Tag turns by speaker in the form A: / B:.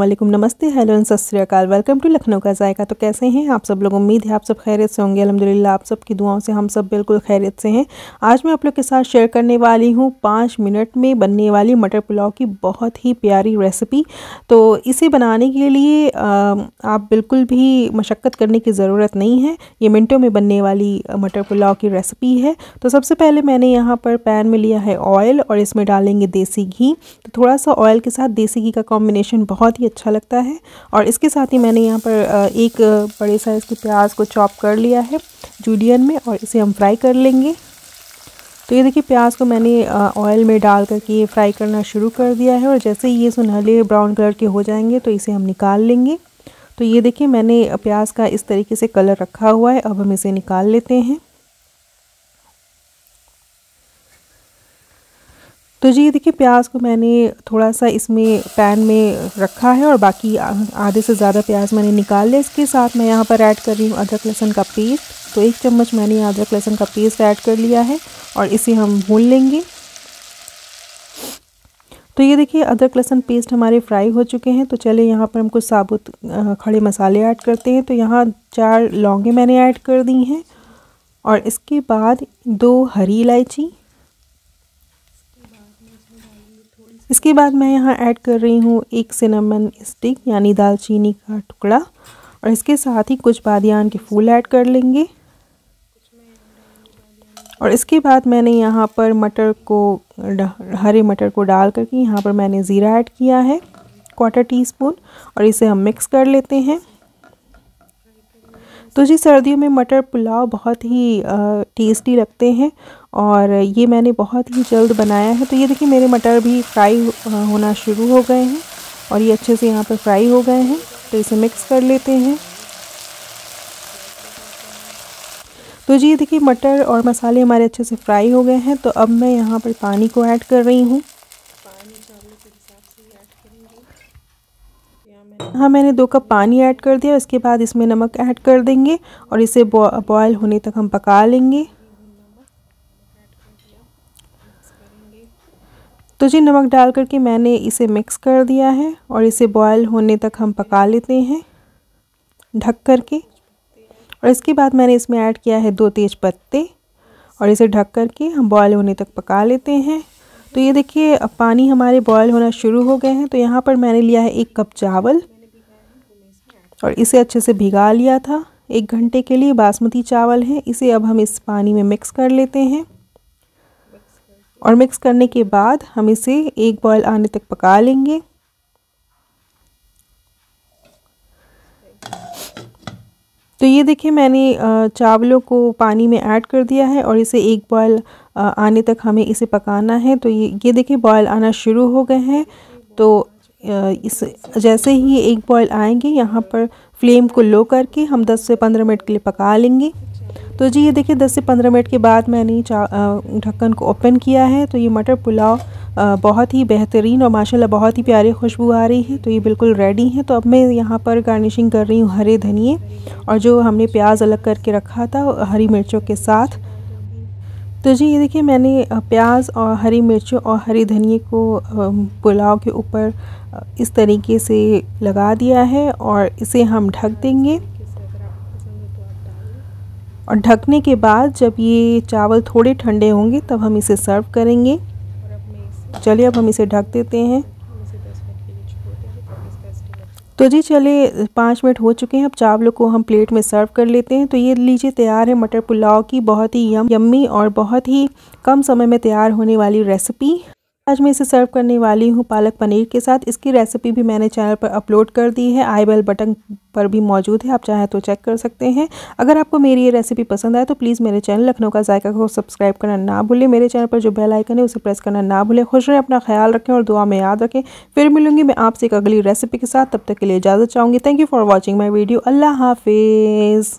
A: असलम नमस्ते hello and सत्याकाल welcome to Lucknow का जायका तो कैसे हैं आप सब लोग उम्मीद है आप सब खैरियत से होंगे अलहमदिल्ला आप सब की दुआओं से हम सब बिल्कुल खैरियत से हैं आज मैं आप लोग के साथ शेयर करने वाली हूँ पाँच मिनट में बनने वाली मटर पुलाव की बहुत ही प्यारी रेसिपी तो इसे बनाने के लिए आप बिल्कुल भी मशक्क़त करने की ज़रूरत नहीं है ये मिनटों में बनने वाली मटर पुलाव की रेसिपी है तो सबसे पहले मैंने यहाँ पर पैन में लिया है ऑयल और इसमें डालेंगे देसी घी तो थोड़ा सा ऑयल के साथ देसी घी का कॉम्बिनेशन बहुत ही अच्छा लगता है और इसके साथ ही मैंने यहाँ पर एक बड़े साइज़ के प्याज को चॉप कर लिया है जूलियन में और इसे हम फ्राई कर लेंगे तो ये देखिए प्याज को मैंने ऑयल में डाल करके फ्राई करना शुरू कर दिया है और जैसे ही ये सुनहले ब्राउन कलर के हो जाएंगे तो इसे हम निकाल लेंगे तो ये देखिए मैंने प्याज का इस तरीके से कलर रखा हुआ है अब हम इसे निकाल लेते हैं तो जी देखिए प्याज को मैंने थोड़ा सा इसमें पैन में रखा है और बाकी आधे से ज़्यादा प्याज मैंने निकाल लिया इसके साथ मैं यहाँ पर ऐड कर रही हूँ अदरक लहसुन का पेस्ट तो एक चम्मच मैंने अदरक लहसुन का पेस्ट ऐड कर लिया है और इसे हम भून लेंगे तो ये देखिए अदरक लहसुन पेस्ट हमारे फ्राई हो चुके हैं तो चले यहाँ पर हम कुछ साबुत खड़े मसाले ऐड करते हैं तो यहाँ चार लौंगे मैंने ऐड कर दी हैं और इसके बाद दो हरी इलायची इसके बाद मैं यहाँ ऐड कर रही हूँ एक सिनेमन स्टिक यानी दालचीनी का टुकड़ा और इसके साथ ही कुछ बादियान के फूल ऐड कर लेंगे और इसके बाद मैंने यहाँ पर मटर को हरे मटर को डाल करके यहाँ पर मैंने ज़ीरा ऐड किया है क्वार्टर टी स्पून और इसे हम मिक्स कर लेते हैं तो जी सर्दियों में मटर पुलाव बहुत ही टेस्टी लगते हैं और ये मैंने बहुत ही जल्द बनाया है तो ये देखिए मेरे मटर भी फ्राई होना शुरू हो गए हैं और ये अच्छे से यहाँ पर फ्राई हो गए हैं तो इसे मिक्स कर लेते हैं तो जी देखिए मटर और मसाले हमारे अच्छे से फ्राई हो गए हैं तो अब मैं यहाँ पर पानी को ऐड कर रही हूँ हाँ मैंने दो कप पानी ऐड कर दिया उसके बाद इसमें नमक ऐड कर देंगे और इसे बॉयल होने तक हम पका लेंगे तो जी नमक डाल करके मैंने इसे मिक्स कर दिया है और इसे बॉयल होने तक हम पका लेते हैं ढक करके और इसके बाद मैंने इसमें ऐड किया है दो तेज पत्ते और इसे ढक करके हम बॉयल होने तक पका लेते हैं तो ये देखिए पानी हमारे बॉयल होना शुरू हो गए हैं तो यहाँ पर मैंने लिया है एक कप चावल और इसे अच्छे से भिगा लिया था एक घंटे के लिए बासमती चावल है इसे अब हम इस पानी में मिक्स कर लेते हैं और मिक्स करने के बाद हम इसे एक बॉयल आने तक पका लेंगे तो ये देखिए मैंने चावलों को पानी में ऐड कर दिया है और इसे एक बॉयल आने तक हमें इसे पकाना है तो ये ये देखिए बॉयल आना शुरू हो गए हैं तो इस जैसे ही एक बॉयल आएंगे यहाँ पर फ्लेम को लो करके हम 10 से 15 मिनट के लिए पका लेंगे तो जी ये देखिए 10 से 15 मिनट के बाद मैंने ढक्कन को ओपन किया है तो ये मटर पुलाव बहुत ही बेहतरीन और माशाल्लाह बहुत ही प्यारी खुशबू आ रही है तो ये बिल्कुल रेडी हैं तो अब मैं यहाँ पर गार्निशिंग कर रही हूँ हरे धनिए और जो हमने प्याज अलग करके रखा था हरी मिर्चों के साथ तो जी ये देखिए मैंने प्याज और हरी मिर्चों और हरी धनिए को पुलाव के ऊपर इस तरीके से लगा दिया है और इसे हम ढक देंगे और ढकने के बाद जब ये चावल थोड़े ठंडे होंगे तब हम इसे सर्व करेंगे चलिए अब हम इसे ढक देते हैं तो जी चलिए पाँच मिनट हो चुके हैं अब चावलों को हम प्लेट में सर्व कर लेते हैं तो ये लीजिए तैयार है मटर पुलाव की बहुत ही यम यम्मी और बहुत ही कम समय में तैयार होने वाली रेसिपी आज मैं इसे सर्व करने वाली हूँ पालक पनीर के साथ इसकी रेसिपी भी मैंने चैनल पर अपलोड कर दी है आई बेल बटन पर भी मौजूद है आप चाहें तो चेक कर सकते हैं अगर आपको मेरी ये रेसिपी पसंद आए तो प्लीज़ मेरे चैनल लखनऊ का जायका को सब्सक्राइब करना ना भूलें मेरे चैनल पर जो बेल आइकन है उसे प्रेस करना ना भूलें खुश रहें अपना ख्याल रखें और दुआ में याद रखें फिर मिलूंगी मैं आपसे एक अगली रेसिपी के साथ तब तक के लिए इजाज़त चाहूँगी thank you for watching my video अल्लाह हाफिज़